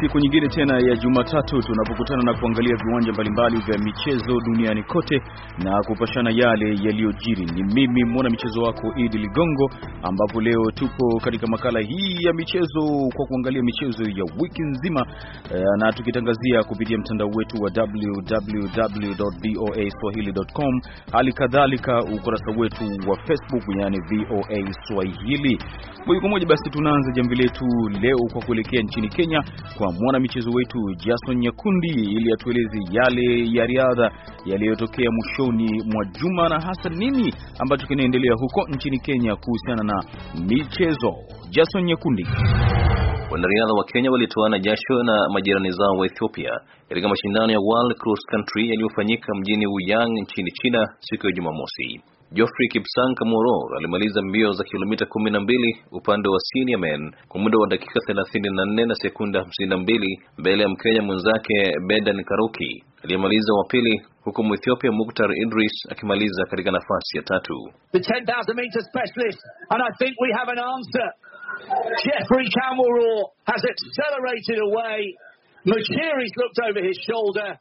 siku nyingine tena ya Jumatatu tunapokutana na kuangalia viwanja mbalimbali vya michezo duniani kote na kupashana yale yaliyojiri. Ni mimi mwana michezo wako Idi Ligongo, ambapo leo tupo katika makala hii ya michezo kwa kuangalia michezo ya wiki nzima eh, na tukitangazia kupitia mtandao wetu wa www.voaswahili.com, hali kadhalika ukurasa wetu wa Facebook, yani VOA Swahili. Moja kwa moja basi tunaanza jambo letu leo kwa kuelekea nchini Kenya kwa mwanamichezo wetu Jason Nyakundi ili atueleze yale ya riadha yaliyotokea mwishoni mwa juma na hasa nini ambacho kinaendelea huko nchini Kenya kuhusiana na michezo. Jason Nyakundi. Wanariadha wa Kenya walitoana jasho na majirani zao wa Ethiopia katika mashindano ya World Cross Country yaliyofanyika mjini Wuyang nchini China siku ya Jumamosi. Geoffrey Kipsang Kamworor alimaliza mbio za kilomita mbili upande wa senior men kwa muda wa dakika 34 na sekunda 52 mbele ya Mkenya mwenzake Bedan Karuki aliyemaliza wa pili huku Mwethiopia Muktar Idris akimaliza katika nafasi ya tatu. The 10,000 meter specialist and I think we have an answer. Geoffrey Kamworor has accelerated away. Machiri's looked over his shoulder.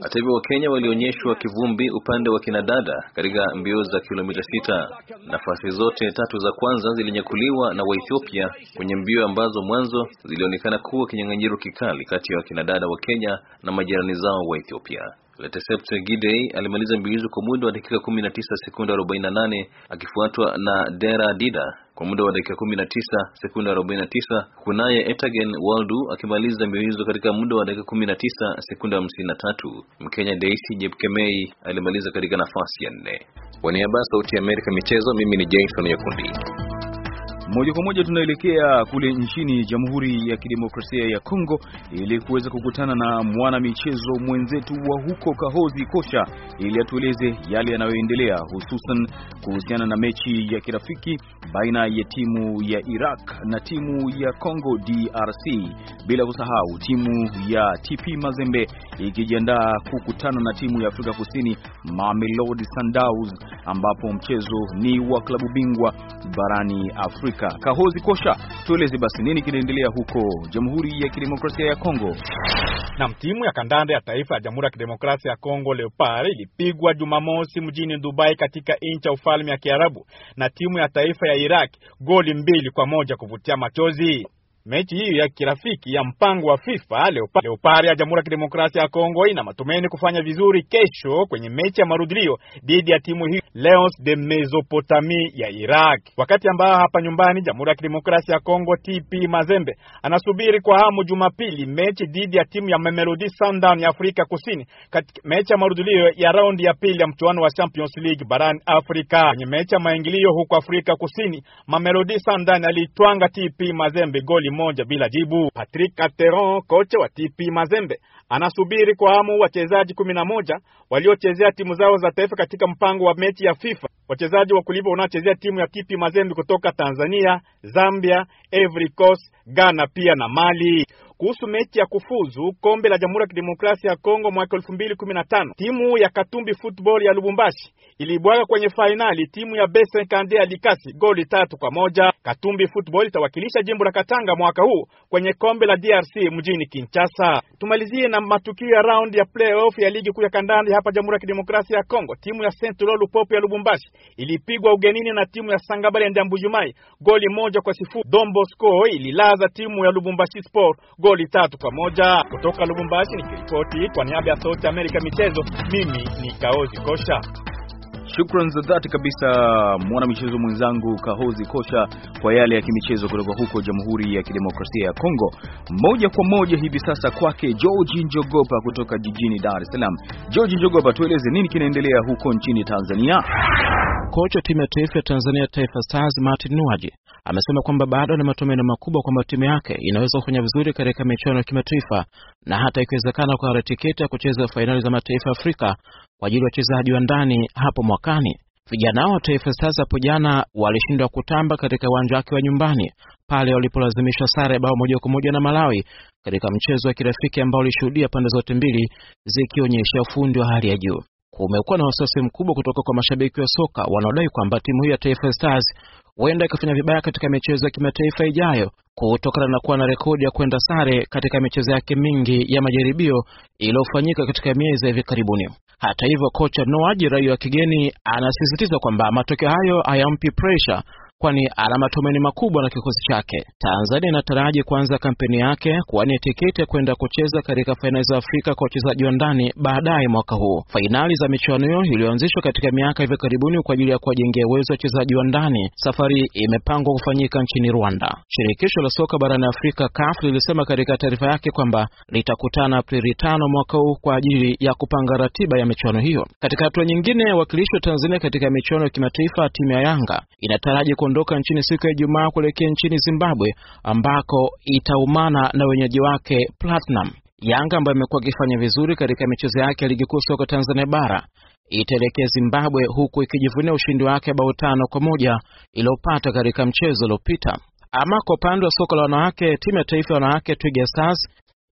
Hata hivyo Wakenya walionyeshwa kivumbi upande wa kinadada katika mbio za kilomita sita. Nafasi zote tatu za kwanza zilinyakuliwa na Waethiopia kwenye mbio ambazo mwanzo zilionekana kuwa kinyang'anyiro kikali kati ya wakinadada wa Kenya na majirani zao wa Ethiopia. Letesept Gidey alimaliza mbio hizo kwa muda wa dakika 19 sekunde 48 akifuatwa na Dera Dida kwa muda wa dakika 19 sekunde 49, kunaye Etagen Waldu akimaliza mbio hizo katika muda wa dakika 19 sekunde 53. Mkenya Daisy Jepkemei alimaliza katika nafasi ya nne. Kwa niaba ya Sauti ya Amerika michezo, mimi ni Jason Nyakundi. Moja kwa moja tunaelekea kule nchini Jamhuri ya Kidemokrasia ya Kongo ili kuweza kukutana na mwana michezo mwenzetu wa huko Kahozi Kosha ili atueleze yale yanayoendelea hususan kuhusiana na mechi ya kirafiki baina ya timu ya Iraq na timu ya Kongo DRC, bila kusahau timu ya TP Mazembe ikijiandaa kukutana na timu ya Afrika Kusini Mamelodi Sundowns, ambapo mchezo ni wa klabu bingwa barani Afrika haraka. Kahozi Kosha, tueleze basi nini kinaendelea huko Jamhuri ya Kidemokrasia ya Kongo? Nam, timu ya kandanda ya taifa ya Jamhuri ya Kidemokrasia ya Kongo Leopard ilipigwa Jumamosi mjini Dubai katika nchi ya ufalme ya Kiarabu na timu ya taifa ya Iraq goli mbili kwa moja kuvutia machozi. Mechi hiyo ya kirafiki ya mpango wa FIFA Leopard, Leopard ya Jamhuri ya Kidemokrasia ya Kongo ina matumaini kufanya vizuri kesho kwenye mechi ya marudilio dhidi ya timu hii Lions de Mesopotamie ya Iraq, wakati ambao hapa nyumbani Jamhuri ya Kidemokrasia ya Kongo TP Mazembe anasubiri kwa hamu Jumapili mechi dhidi ya timu ya Mamelodi Sundowns ya Afrika Kusini katika mechi ya marudilio ya raundi ya pili ya mchuano wa Champions League barani Afrika. Kwenye mechi ya maingilio huko Afrika Kusini, Mamelodi Sundowns alitwanga TP Mazembe goli moja bila jibu. Patrick Ateron, kocha wa TP Mazembe, anasubiri kwa hamu wachezaji kumi na moja waliochezea timu zao za taifa katika mpango wa mechi ya FIFA. Wachezaji wa kulipa wanaochezea timu ya TP Mazembe kutoka Tanzania, Zambia, Ivory Coast, Ghana pia na Mali kuhusu mechi ya kufuzu kombe la Jamhuri ya Kidemokrasia ya Kongo mwaka 2015. Timu ya Katumbi Football ya Lubumbashi ilibwaga kwenye fainali timu ya b ya Likasi goli tatu kwa moja. Katumbi Football itawakilisha jimbo la Katanga mwaka huu kwenye kombe la DRC mjini Kinshasa. Tumalizie na matukio ya round ya playoff ya ligi kuu ya kandanda hapa Jamhuri ya Kidemokrasia ya Kongo. Timu ya Saint Lolu Lupopo ya Lubumbashi ilipigwa ugenini na timu ya Sangabale ya Ndambujumai goli moja kwa sifuri. Don ililaza timu ya Lubumbashi Sport goli tatu kwa moja. Kutoka Lubumbashi nikiripoti kwa niaba ya Sauti Amerika michezo, mimi ni Kaozi Kosha. Shukran za dhati kabisa mwanamichezo mwenzangu Kahozi Kosha kwa yale ya kimichezo kutoka huko Jamhuri ya Kidemokrasia ya Kongo. Moja kwa moja hivi sasa kwake George Njogopa kutoka jijini Dar es Salaam. George Njogopa, tueleze nini kinaendelea huko nchini Tanzania? Kocha wa timu ya taifa ya Tanzania Taifa Stars Martin Nuaje amesema kwamba bado ana matumaini makubwa kwamba timu yake inaweza kufanya vizuri katika michuano ya kimataifa na hata ikiwezekana kwa tiketi ya kucheza fainali za mataifa ya Afrika kwa ajili ya wachezaji wa ndani hapo mwakani. Vijana wa Taifa Stars hapo jana walishindwa kutamba katika uwanja wake wa nyumbani pale walipolazimishwa sare ya bao moja kwa moja na Malawi katika mchezo wa kirafiki ambao ulishuhudia pande zote mbili zikionyesha ufundi wa hali ya juu umekuwa na wasiwasi mkubwa kutoka kwa mashabiki wa soka wanaodai kwamba timu hiyo ya Taifa Stars huenda ikafanya vibaya katika michezo ya kimataifa ijayo kutokana na kuwa na rekodi ya kwenda sare katika michezo yake mingi ya majaribio iliyofanyika katika miezi ya hivi karibuni. Hata hivyo, kocha Noah Aji, raia wa kigeni, anasisitiza kwamba matokeo hayo hayampi pressure kwani ana matumaini makubwa na kikosi chake. Tanzania inataraji kuanza kampeni yake kuwania tiketi ya kwenda kucheza katika fainali za Afrika kwa wachezaji wa ndani baadaye mwaka huu. Fainali za michuano hiyo iliyoanzishwa katika miaka hivi karibuni kwa ajili ya kuwajengea uwezo wachezaji wa ndani, safari imepangwa kufanyika nchini Rwanda. Shirikisho la soka barani Afrika CAF lilisema katika taarifa yake kwamba litakutana Aprili tano mwaka huu kwa ajili ya kupanga ratiba ya michuano hiyo. Katika hatua nyingine, wakilishi wa Tanzania katika michuano ya kimataifa, timu ya Yanga inataraji kuondoka nchini siku ya Ijumaa kuelekea nchini Zimbabwe ambako itaumana na wenyeji wake Platinum. Yanga ambayo imekuwa ikifanya vizuri katika michezo yake ya ligi kuu soka Tanzania bara itaelekea Zimbabwe huku ikijivunia ushindi wake bao tano kwa moja iliyopata katika mchezo uliopita. Ama kwa upande wa soka la wanawake, timu ya taifa ya wanawake Twiga Stars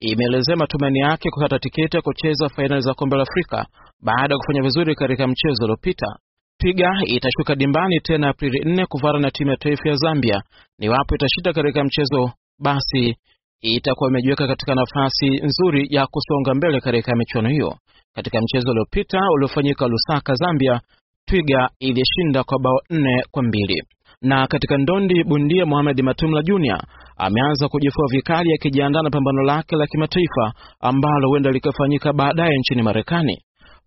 imeelezea matumaini yake kukata tiketi ya kucheza fainali za kombe la Afrika baada ya kufanya vizuri katika mchezo uliopita. Twiga itashuka dimbani tena Aprili 4 kuvara na timu ya taifa ya Zambia. Niwapo itashinda katika mchezo, basi itakuwa imejiweka katika nafasi nzuri ya kusonga mbele katika michuano hiyo. Katika mchezo uliopita uliofanyika Lusaka, Zambia, Twiga ilishinda kwa bao nne kwa mbili. Na katika ndondi bundia, Mohamed Matumla Junior ameanza kujifua vikali akijiandaa na pambano lake la kimataifa ambalo huenda likafanyika baadaye nchini Marekani.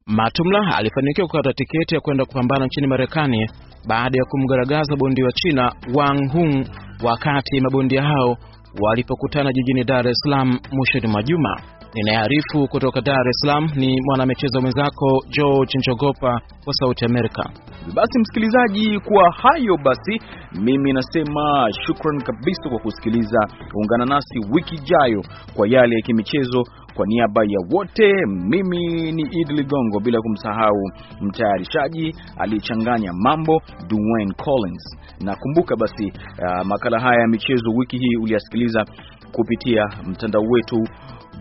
Matumla alifanikiwa kukata tiketi ya kwenda kupambana nchini Marekani baada ya kumgaragaza bondia wa China Wang Hung wakati mabondia hao walipokutana jijini Dar es Salaam mwishoni mwa juma. Ninayearifu kutoka Dar es Salaam ni mwanamichezo mwenzako George Njogopa wa Sauti Amerika. Basi msikilizaji, kwa hayo basi, mimi nasema shukran kabisa kwa kusikiliza. Ungana nasi wiki ijayo kwa yale ya kimichezo. Kwa niaba ya wote, mimi ni Idi Ligongo, bila kumsahau mtayarishaji aliyechanganya mambo Dwayne Collins. Na kumbuka basi, uh, makala haya ya michezo wiki hii uliyasikiliza kupitia mtandao wetu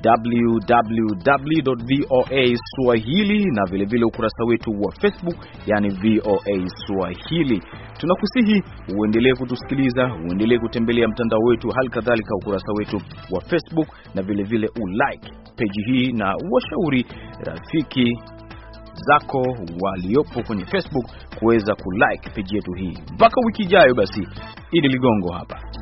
www.voaswahili na vilevile vile ukurasa wetu wa Facebook, yani VOA Swahili. Tunakusihi uendelee kutusikiliza, uendelee kutembelea mtandao wetu, hali kadhalika ukurasa wetu wa Facebook na vilevile vile ulike peji hii na washauri rafiki zako waliopo kwenye Facebook kuweza kulike peji yetu hii. Mpaka wiki ijayo, basi Idi Ligongo hapa.